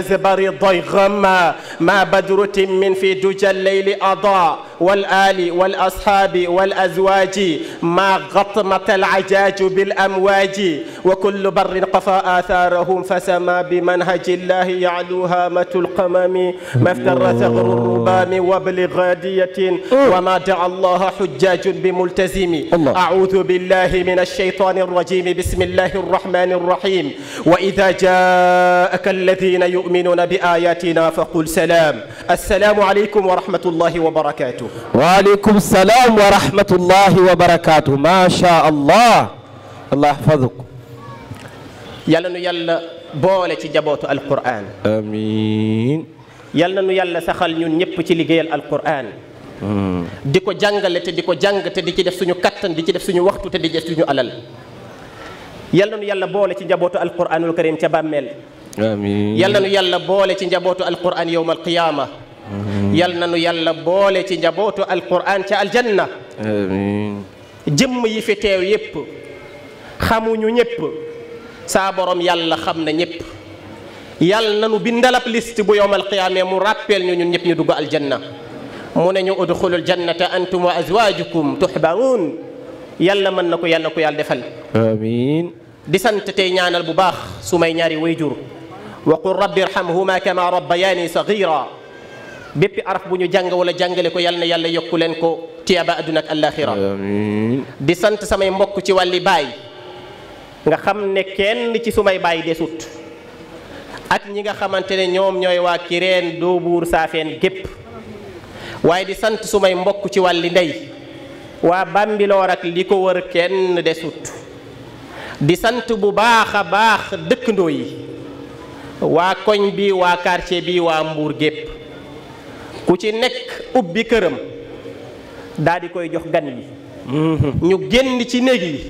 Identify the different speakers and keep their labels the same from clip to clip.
Speaker 1: أزبر ضيغم ما بدر تم في دجى الليل أضاء والآل والأصحاب والأزواج ما غطمت العجاج بالأمواج وكل بر قفى آثارهم فسما بمنهج الله يعلو هامة القمم ما افتر ثغر الربام وابل غادية وما دعا الله حجاج بملتزم أعوذ بالله من الشيطان الرجيم بسم الله الرحمن الرحيم وإذا جاءك الذين يؤمنون بآياتنا فقل سلام السلام عليكم ورحمة الله وبركاته وعليكم السلام ورحمة الله وبركاته ما شاء الله الله يحفظكم يلا يلا بولة جبوت القرآن أمين يلا يلا سخل ينيب تلقي القرآن ديكو جنجل ديكو جنجل ديكي دف سنو كتن ديكي دف سنو وقت ديكي دف سنو ألل يلا يلا بولة جبوت القرآن الكريم تبامل أمين يلا يلا بولة جبوت القرآن يوم القيامة yal na nu yàlla boole ci njabootu alquran ca aljanna amiin jëmm yi fi teew yépp xamuñu ñépp saa borom yàlla xam na ñépp yal na nu bindalab liste bu yowmal qiyaamee mu rappel ñu ñun ñépp ñu dugg aljanna mu ne ñu udxulul jannata antum wa azwajukum tuhbaruun yàlla mën na ko yàlla ko yàlla defal amiin di sant tey ñaanal bu baax su may ñaari wayjur wa qul rabbi irhamhuma kama rabbayani sagira bépp araf bu ñu jàng wala jàngale ko yal na yàlla yokku leen ko tiyaaba adduna ak àllaaxira di sant samay mbokk ci wàlli baay nga xam ne kenn ci sumay baay desut ak ñi nga xamante ne ñoom ñooy waa kireen doobuur saafeen gépp waaye di sant sumay mbokk ci wàlli ndey waa bambiloor ak li ko wër kenn desut di sant bu baax a baax dëkkandoo yi waa koñ bi waa quartier bi waa mbuur gépp ku ci nekk ubbi këram daal di koy jox gan yi ñu génn ci néeg yi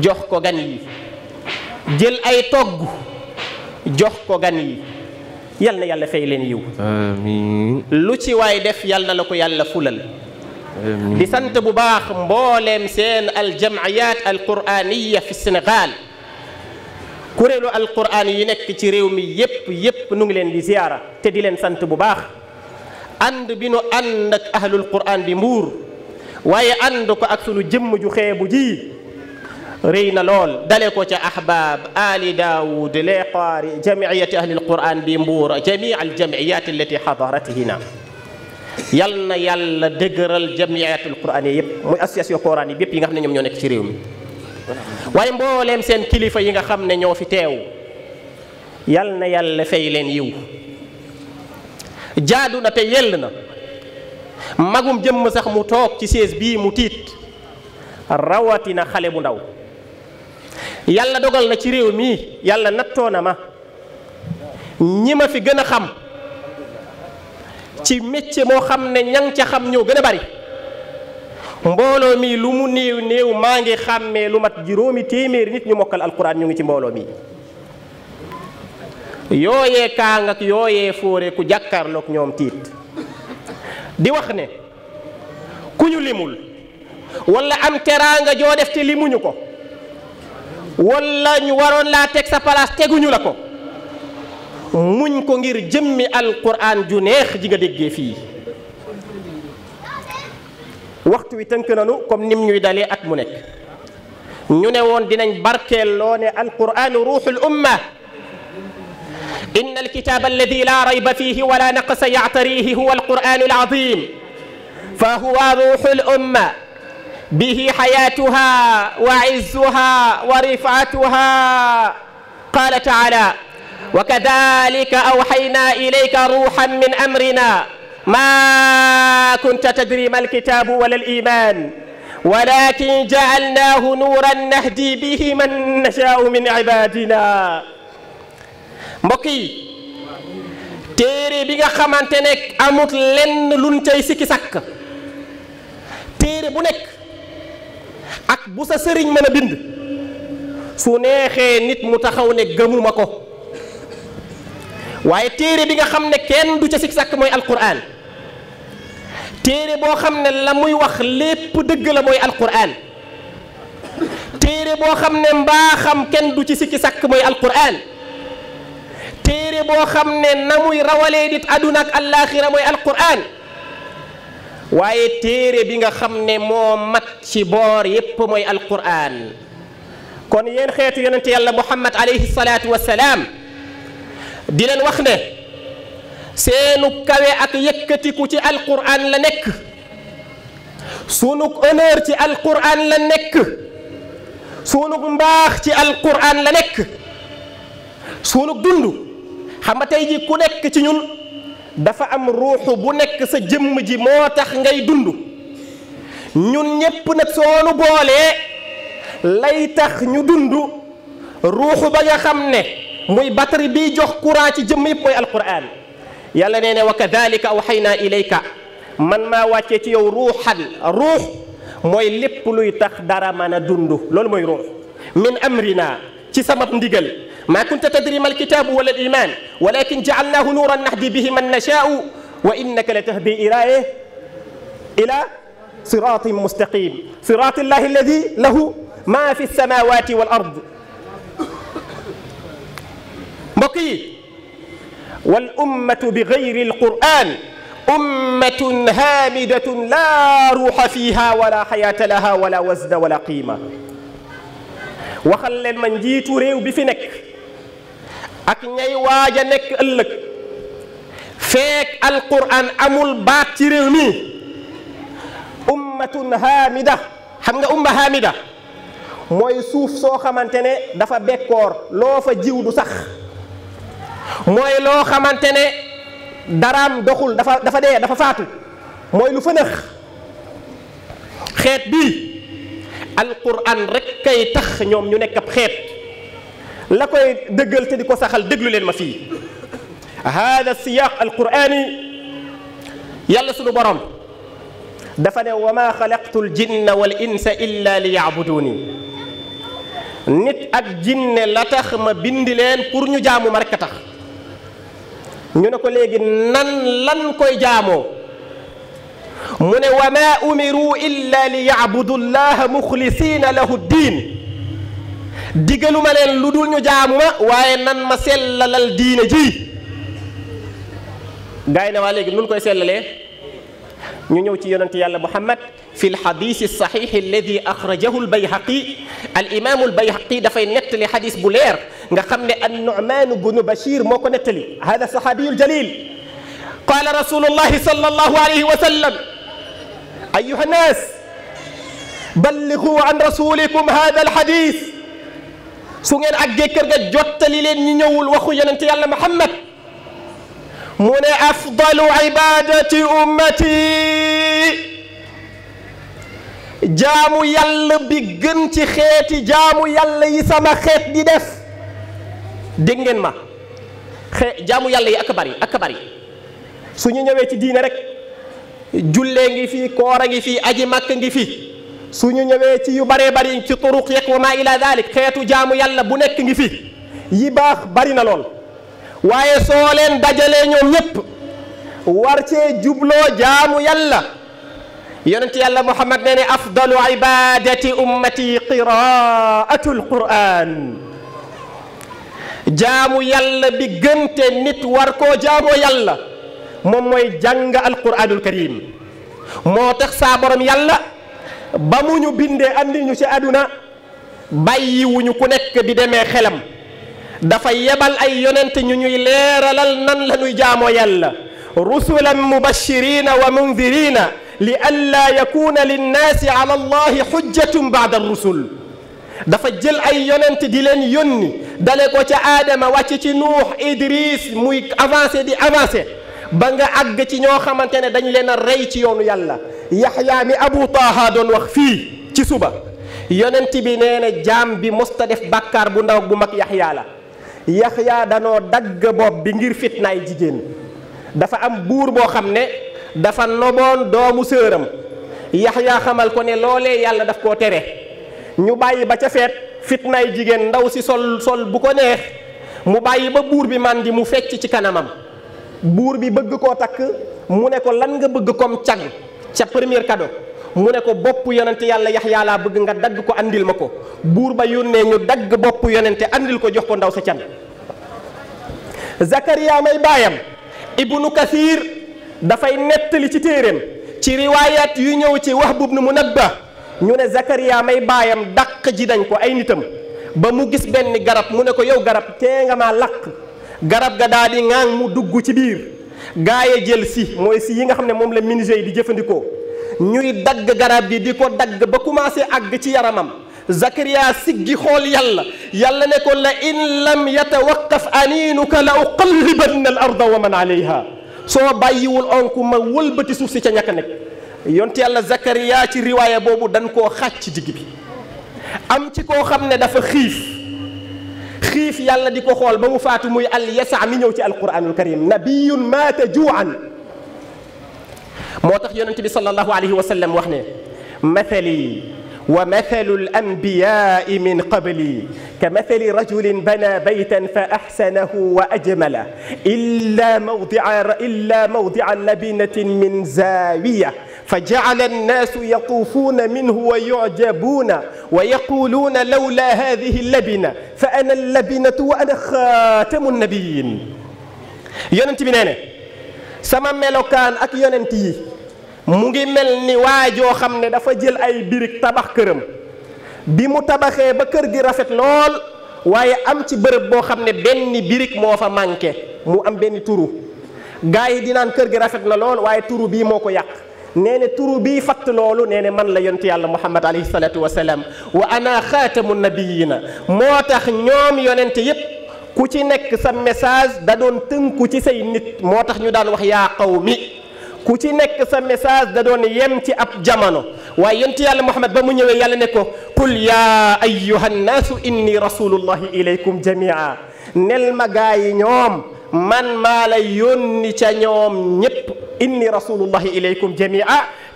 Speaker 1: jox ko gan yi jël ay togg jox ko gan yi yal na yàlla fay leen yiw amin lu ci way def yal na la ko yàlla fulal di sante bu baax mbollem seen al qur'aniyya fi Sénégal al qur'an yi nek ci réew mi yep yépp nu ngi leen di ziyara te di leen sante bu baax ànd bino ànd ak ahlul quran di mur waye ànd ko ak sunu jëm ju xébu ji reyna lol dale ko ci ahbab ali li qari jamiyati ahlul quran bi mur jamii al jamiyat allati hadarat hina yal yalla yàlla dëgëral al quran yeb moy association qur'an yeb yi nga xamne ñom ñoo nek ci réew mi waaye mbooleem kilifa yi nga xamne ñoo fi tew yal yàlla fay len yiw jaadu na te yell na magum jëmm sax mu toog ci sées bii mu tiit rawatina xale bu ndaw yàlla dogal na ci réew mii yàlla nattoo na ma ñi ma fi gën a xam ci métier moo xam ne ñang ca xam ñëw gën a bari mbooloo mii lu mu néew néew maa ngi xàmmee lu mat juróomi téeméeri nit ñu mokkal alquran ñu ngi ci mbooloo mi yooyee kaang ak yooyee fóore ku jàkkaarloog ñoom tiit di wax ne ku ñu limul wala am teraanga joo def ci limuñu ko wala ñu waroon laa teg sa palaas teguñu la ko muñ ko ngir jëmmi alquran ju neex ji nga déggee fii waxtu wi tënk nanu comme nim ñuy dalee ak mu nekk ñu ne woon dinañ barkeel loo ne alquranu ruuxul umma إن الكتاب الذي لا ريب فيه ولا نقص يعتريه هو القرآن العظيم فهو روح الأمة به حياتها وعزها ورفعتها قال تعالى وكذلك أوحينا إليك روحا من أمرنا ما كنت تدري ما الكتاب ولا الإيمان ولكن جعلناه نورا نهدي به من نشاء من عبادنا mbokk yi téere bi nga xamante ne amut lenn luñ cay sikki sàkk téere bu nekk ak bu sa sëriñ mën a bind su neexee nit mu taxaw ne gëmuma ko waaye téere bi nga xam ne kenn du ca sikki sàkk mooy alquran téere boo xam ne la muy wax lépp dëgg la mooy alquran téere boo xam ne mbaaxam kenn du ci sikki sakk mooy alquran تيري بو خامني ناموي راوالي ديت ادوناك الاخره موي القران واي تيري بيغا خامني مو مات سي بور ييب موي القران كون يين خيت يونت يالا محمد عليه الصلاه والسلام دي لن واخ نه سينو كاوي اك ييكتي كو سي القران لا نيك سونوك اونور سي القران لا نيك سونوك مباخ سي القران لا نيك سونوك دوندو xam nga tey ji ku nekk ci ñun dafa am ruuxu bu nekk sa jëmm ji moo tax ngay dund ñun ñépp nag soonu boolee lay tax ñu dund ruuxu ba nga xam muy batari bi jox courant ci jëmm yëpp mooy alquran yàlla nee ne wa kadalika awxayna ilayka man maa wàccee ci yow ruuxan ruux mooy lépp luy tax dara mën dund min amrina ci ndigal ما كنت تدري ما الكتاب ولا الإيمان ولكن جعلناه نورا نهدي به من نشاء وإنك لتهدي إلى إيه؟ إلى صراط مستقيم صراط الله الذي له ما في السماوات والأرض بقي والأمة بغير القرآن أمة هامدة لا روح فيها ولا حياة لها ولا وزن ولا قيمة وخلى leen ma بفنك ak ñay waja nek nekk fek alquran amul baat ci rew mi ummatun hamida xam nga umma hamida moy suuf so xamantene dafa bekkoor lo fa jiw du sax moy lo xamantene daram doxul dafa dafa de dafa faatu moy lu fënëx xet bi alquran rek kay tax ñom ñu nekk xet لكي دقل تدي كوسا خل دقل لين ما في هذا السياق القرآني يلا سنو برام دفن وما خلقت الجن والإنس إلا ليعبدوني نت الجن جن لتخ ما بند لين بور نيو جامو مركتخ نيو نكو نن لن كوي جامو من وما أمروا إلا ليعبدوا الله مخلصين له الدين digeluma len ludul ñu jaamuma waye nan ma selalal diine ji gay wa legi nu ngoy selale ñu ñew ci yonent yalla muhammad في الحديث الصحيح الذي أخرجه البيهقي الإمام البيهقي دفعي نتلي حديث بولير نخمن النعمان بن بشير موكو نتلي هذا صحابي الجليل قال رسول الله صلى الله عليه وسلم أيها الناس بلغوا عن رسولكم هذا الحديث su ngeen àggee kër ga jottali leen ñu ñëwul waxu yonent yàlla muhammad mu ne afdalu ibadati ummati jaamu yàlla bi gën ci xeeti jaamu yàlla yi sama xeet di def dégg ngeen ma xee jaamu yàlla yi ak bari ak bari su ñu ñëwee ci diine rek jullee ngi fi koora ngi fi aji màkk ngi fi suñu ñëwé ci yu baree bari ci turuq yeeg wa ma ila dalik xeetu jaamu yàlla bu nekk ngi fi yi bax bari na lool waye so leen dajalé ñoom ñépp war ci jublo jaamu yàlla yonent yàlla muhammad nee ne afdalu ibadati ummati qiraatu alquran jaamu yàlla bi gënte nit war ko jaamu yàlla mom moy jàng alquranul karim motax sa borom yàlla bamuñu bindé ñu bindee andi ñu ci àdduna bàyyiwuñu ku nekk di démé xelam dafa yebal ay yonent ñu ñuy léralal nan la ñuy jaamoo yàlla rusulan mubashirina wa munzirin li alla yakuna nas ala hujjatun ba'da ar rusul dafa jël ay yonent di len yónni dale ko ci adam wàcc ci nuh idris muy avancé di avancé ba nga ag ci ño xamantene dañ leena rey ci yoonu yàlla yaxyaa mi abu taaha doon wax fii ci suba yonent bi nee na jaam bi mosta def bàkkaar bu ndaw bu mag yaxyaa la yaxyaa danoo dagg bopp bi ngir fitnaay jigéen dafa am buur boo xam ne dafa noboon doomu sëram yaxyaa xamal ko ne loolee yàlla daf koo tere ñu bàyyi ba ca feet fitnaay jigéen ndaw si sol sol bu ko neex mu bàyyi ba buur bi màndi mu fecc ci kanamam buur bi bëgg koo takk mu ne ko lan nga bëgg comme cag ca premier cadeau mu ne ko bopp yonente yàlla yaxyaa laa bëgg nga dagg ko andil ma ko buur ba yónnee ñu dagg bopp yonente àndil ko jox ko ndaw sa can Zakariya may baayam ibnu Kathir dafay nettali ci téeréem ci riwaayaat yu ñëw ci wax bub nu mu nabba ñu ne Zakariya may baayam daq ji dañ ko ay nitam ba mu gis benn garab mu ne ko yow garab tee nga maa làq garab ga daal di ŋaang mu dugg ci biir gaaye jël si mooy si yi nga xam ne moom la menuisier yi di jëfandikoo ñuy dagg garab gi di ko dagg ba commencé àgg ci yaramam Zakaria siggi xool yàlla yàlla nekkoon ko la in lam yatawaqqaf aniinuka la uqallibanna al arda wa man alayha soo bàyyiwul onk ma wëlbati suuf si ca ñàkk nekk yonte yàlla Zakaria ci riwaaya boobu dañ koo xaaj ci digg bi am ci koo xam ne dafa xiif خيف يالا ديكو خول بامو فاتو موي ال يسع مي نيو القران الكريم نبي مات جوعا موتاخ يونتبي صلى الله عليه وسلم واخني مثلي ومثل الانبياء من قبلي كمثل رجل بنى بيتا فاحسنه واجمله الا موضع الا موضع لبنه من زاويه فجعل الناس يطوفون منه ويعجبون ويقولون لولا هذه اللبنة فأنا اللبنة وأنا خاتم النبيين يوننتي بنانا سما ملوكان أك يوننتي مجي ملني واجو خمنا دفجل أي بيرك تبخ كرم بمو تبخي بكر دي رفت لول waye am ci beurep bo xamne benn birik mo fa manké mu am benn gaay di nan kër gi rafet na lool waye tourou bi moko yak nee ne turu bii fatt loolu nee ne man la yontu yàlla muhammad alayhi salaatu wasalaam wa ana xaatamu nabiyina moo tax ñoom yonente yépp ku ci nekk sa message da doon tënku ci say nit moo tax ñu daan wax yaa qawmi ku ci nekk sa message da doon yem ci ab jamono waaye yontu yàlla muhammad ba mu ñëwee yàlla ne ko qul yaa ayyuha nnaasu inni rasulullahi ilaykum jamia nel ma gaa yi ñoom man maa la yónni ca ñoom ñépp inni rasulullahi ilaykum jamia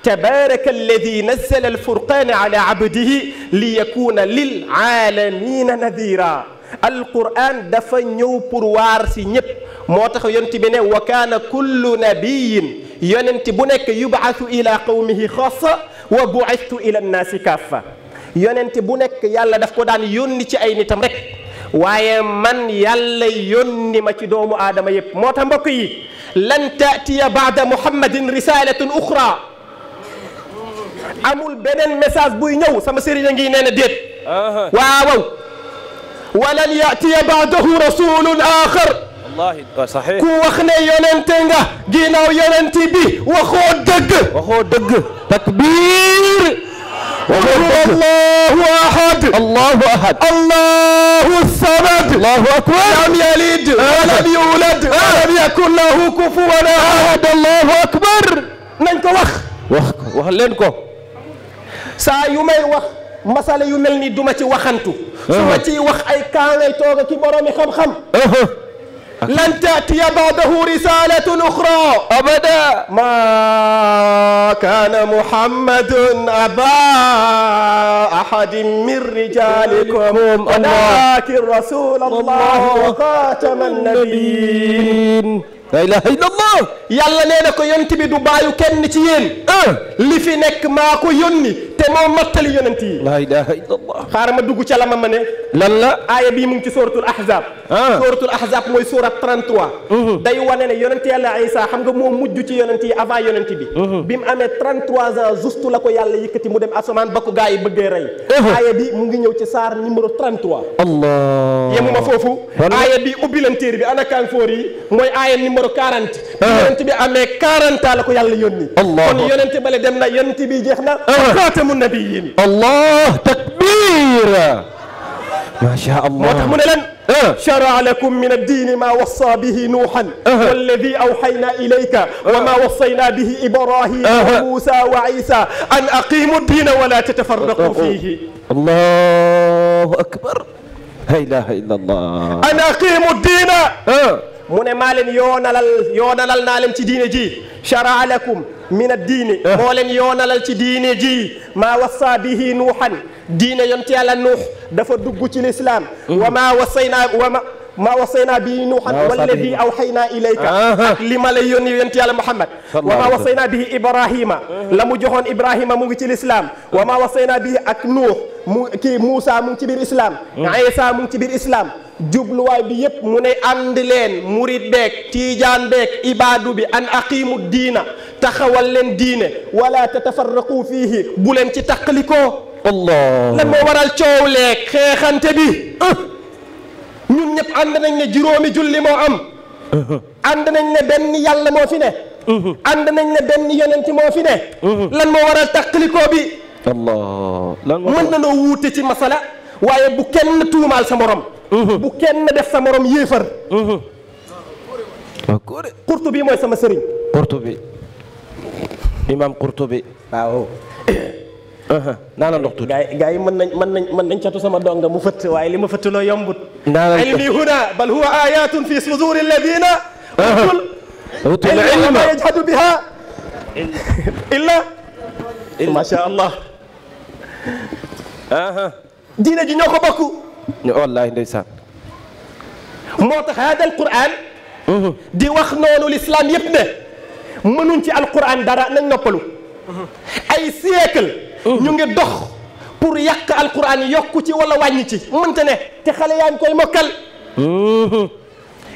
Speaker 1: tabaraka alladi nazzala alfurqana ala abdihi li yakuna lil aalamina nadira alquran dafa ñëw pour waar si ñépp moo tax yonent bi ne wa kaana kullu nabiyin yonent bu nekk yubaatu ila qawmihi xaasa wa buistu ila annaasi kaffa yonent bu nekk yàlla daf ko daan yónni ci ay nitam rek waye man yàlla yónni ma ci doomu adama yeb moo mbok yi lan taatiya ba'da muhammadin risalatun ukhra amul benen message buy ñëw sama serigne a ngi nee na déet waawaw walan yaatiya ba'dahu rasulun akhar ku wax ne yonente nga ginnaaw yonente bi waxoo dëgg waxoo dëgg takbir وقل الله احد الله احد الله الصمد الله اكبر لم يلد ولم يولد ولم يكن له كفوا احد الله اكبر نانك واخ واخ واخ لينكو سا يومي واخ مساله يملني yu mel ni duma ci waxantu أه. su ma ciy wax ay kaan لن تأتي بعده رسالة أخرى أبدا ما كان محمد أبا أحد من رجالكم ولكن رسول الله وخاتم النبيين la ilaha illallah yàlla nee na ko yonent bi du bàyyu kenn ci yéen li fi nekk maa ko yónni te moo mattali yonent yi la ilaha illallah xaaral ma dugg ca la ma ma ne lan la aaya bii mu ngi ci sóoratul ahzab sóoratul ahzab mooy sóorat 33 day wane ne yonent yàlla Isa xam nga moo mujj ci yonent yi avant yonent bi bi mu amee 33 ans juste la ko yàlla yëkkati mu dem asamaan ba ko gaa yi bëggee rey aaya bi mu ngi ñëw ci saar numéro 33 allah yemuma foofu aaya bi ubbi leen téere bi ana kan foor yi mooy aaya numéro 40 ah. yonent bi amee 40 ans la ko yàlla yónni kon yonent bale dem na yonent bi jeex na ah. xaatamu allah takbir ما شاء الله وتحمل لن أه. شرع لكم من الدين ما وصى به نوحا والذي أوحينا إليك وما وصينا به إبراهيم وموسى وعيسى أن أقيموا الدين ولا تتفرقوا فيه الله أكبر لا إله إلا الله أن أقيموا الدين mune ne maa yonalal yoonalal yoonalal naa ci diine ji shara alakum min ad addiini mo len yonalal ci diine ji ma wassa bihi nuhan diine yonti yàlla nuh dafa dugg ci l'islam wa maa wasaynaa wa maa wasaynaa bihi nuuxan walladi awxaynaa ilayka ak li ma lay yónni yonent yàlla muhammad wa maa wasaynaa bihi ibrahima la mu joxoon ibrahima mu ngi ci lislaam wa maa wasaynaa bihi ak nuux islam Isa mu ngi ci biir islam jubluwaay bi yëpp mu ànd leen murit beek tiijaan beek ibaadu bi an aqiimu diina taxawal leen diine wala tatafarraqu fiihi bu ci taqalikoo allah lan moo waral coow leeg xeexante bi ñep ànd nañ ne juróomi julli mo am ànd nañ ne ben yàlla mo fi ne ànd nañ ne ben yonenti mo fi ne lan mo waral takliko bi allah lan mën na noo wuute ci masala waye bu kenn tuumal sa morom bu kenn def sa morom yéefar Qurtubi moy sama serigne Qurtubi imam Qurtubi waaw naanal ndox tuuti gars yi mën nañ mën nañ mën nañ catu sama donga mu fëtt waaye li ma fëtt loo yombut naanal ilmi huna bal huwa ayatun fi suduri alladina utul ilma ma yajhadu biha illa ma sha allah diine ji ñoo ko bokk wallahi ndeysaan moo tax hada alquran di wax noonu l'islam yëpp ne mënuñ ci alquran dara nañ noppalu ay siècle ñu ngi dox pour yàq alquran yokku ci wala wañ ci mënta ne te xale yañ koy mokal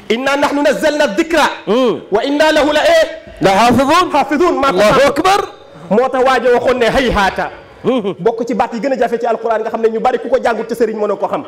Speaker 1: inna nahnu nazzalna dhikra wa inna lahu la la hafizun hafizun ma ko akbar mota waje waxone hayhata بوك تي باتي غنا جافي تي القران غا خامني ني باري كوكو جانغوت تي سيرين مونوكو خام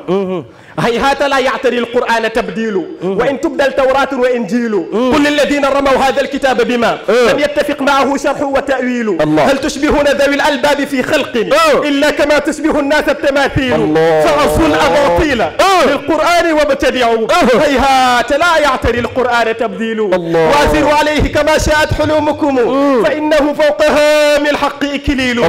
Speaker 1: هاي هات لا يعتري القران تبديل وان تبدل التوراة وانجيل كل الذين رموا هذا الكتاب بما لم يتفق معه شرح وتاويل هل تشبهون ذوي الالباب في خلق الا كما تشبه الناس التماثيل فعصوا الاباطيل للقران وابتدعوا هاي هات لا يعتري القران تبديل وازروا عليه كما شاءت حلومكم فانه فوق هام الحق اكليل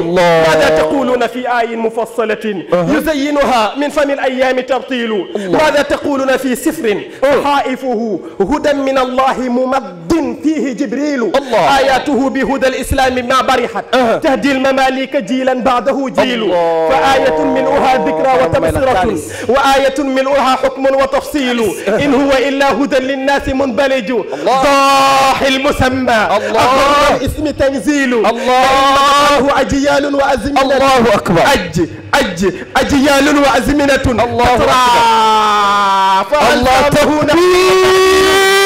Speaker 1: تقولون في آي مفصلة يزينها من فم الأيام ترطيل ماذا تقولون في سفر حائفه هدى من الله ممد فيه جبريل الله. آياته بهدى الإسلام ما برحت أه. تهدي المماليك جيلا بعده جيل الله. فآية ملؤها ذكرى وتبصرة وآية ملؤها حكم وتفصيل أه. إن هو إلا هدى للناس منبلج ضاح المسمى الله الاسم تنزيل الله أجيال وأزمنة الله أكبر أج أج أجيال وأزمنة الله أكبر الله تكبير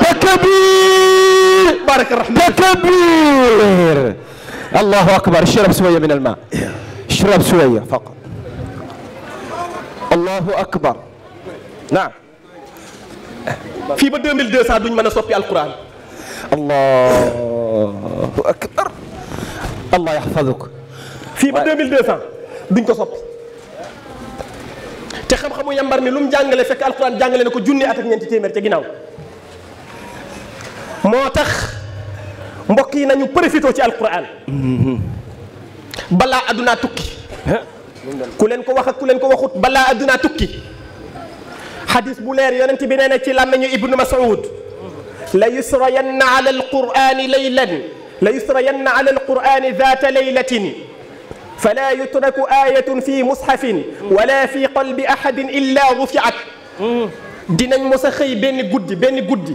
Speaker 1: تكبير بارك الرحمن تكبير الله اكبر اشرب شويه من الماء اشرب شويه فقط الله اكبر نعم في ب 2200 دون من صوفي القران الله اكبر الله يحفظك في ب 2200 دون كو صوفي تي خم خمو يامبار لوم جانغالي فك القران جانغالي نكو جوني اتك نينتي تيمر تي غيناو moo tax mbokk yi nañu profité ci alquran balaa addunaa tukki ku leen ko wax ak ku leen ko waxut balaa addunaa tukki xadis bu leer yonent bi nee na ci làmmeñu ibnu mas'ud la yusrayanna ala alqurani laylan la yusrayanna ala alqurani dhata laylatin فلا يترك آية في مصحف ولا في قلب أحد إلا رفعت دينا مسخي بين جدي بين جدي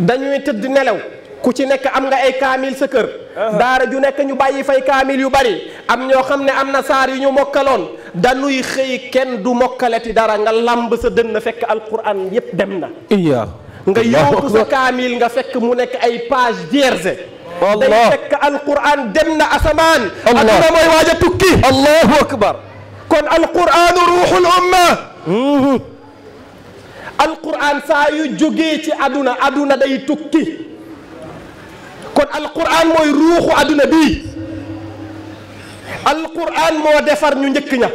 Speaker 1: dañuy tëdd nelaw ku ci nek am nga ay kamil sa keur daara ju nek ñu bàyyi fay kamil yu bari am ño xamne amna sar yu ñu mokkaloon dañuy xëy ken du mokalati dara nga lamb sa deun fekk alquran yep dem na iya nga yóotu sa kamil nga fekk mu nek ay page vierge الله fekk القران dem na asamaan adduna mooy waaj a tukki allahu akbar kon alquranu alquran saa yu jógee ci aduna aduna day tukki kon alquran mooy ruuxu aduna bii alquran moo defar ñu njëkk ña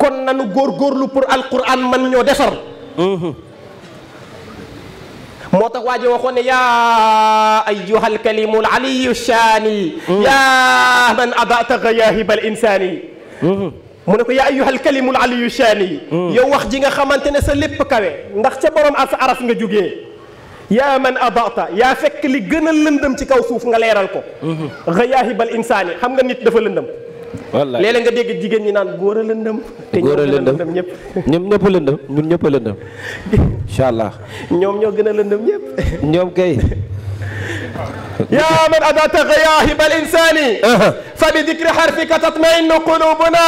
Speaker 1: kon nanu góorgóorlu pour alquran man ñoo defar mm-hmm. moo tax waa ji waxoon ne yaa ayyuhal kalimul aliyu shaani mm-hmm. yaa man abata gayaahibal insaani mm-hmm. mu ne ko yaa ayyuhal kalimul aliyu shaani yow wax ji nga xamante ne sa lépp kawe ndax ca borom as aras nga jógee yaa man adata yaa fekk li gën a lëndëm ci kaw suuf nga leeral ko ghayaahibal insaani xam nga nit dafa lëndëm wallaay léeg-léeg nga dégg jigéen ñi naan góor a lëndëm te góor a lëndëm ñëpp ñoom ñëpp a lëndëm ñun ñëpp a lëndëm incha allah ñoom ñoo gën a lëndëm ñëpp ñoom kay yaa man adata ghayaahibal insaani fa bi dikri harfika tatmainnu qulubuna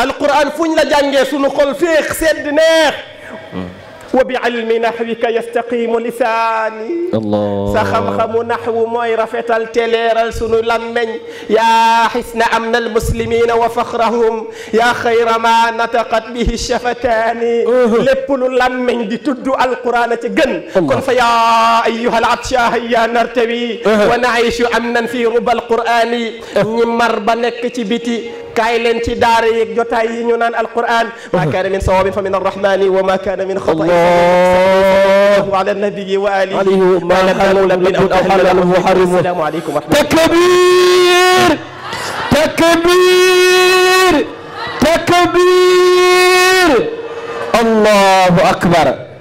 Speaker 1: القران فوني لا جانغي سونو خول فيخ سيد نير وبعلم نحوك يستقيم لساني الله سخمخم نحو مير فتل تلير السنو لمن يا حسن أمن المسلمين وفخرهم يا خير ما نتقت به الشفتان لبل لمن تدو القرآن تجن قل فيا أيها العطشاه يا نرتبي ونعيش أمنا في ربى القرآن نمر بنك تبتي كايلن تداري جوتاي ينان القرآن ما كان من صواب فمن الرحمن وما كان من خطأ وعلى النبي وآله عليه ما حلل من أو حلل محرم السلام عليكم ورحمة الله تكبير تكبير تكبير الله أكبر